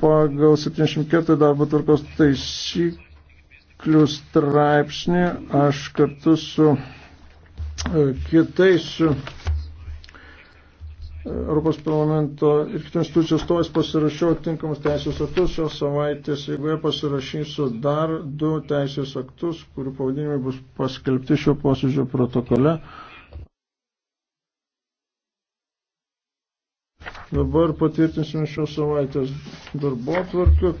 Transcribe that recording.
pagal 74 darbo tvarkos taisyklių straipsnį aš kartu su e, kitais e, Europos parlamento ir kitų institucijų stovės pasirašiau tinkamus teisės aktus. Šios savaitės eigoje pasirašysiu dar du teisės aktus, kurių pavadinimai bus paskelbti šio posėdžio protokole. Dabar patvirtinsime šios savaitės darbo atvarką.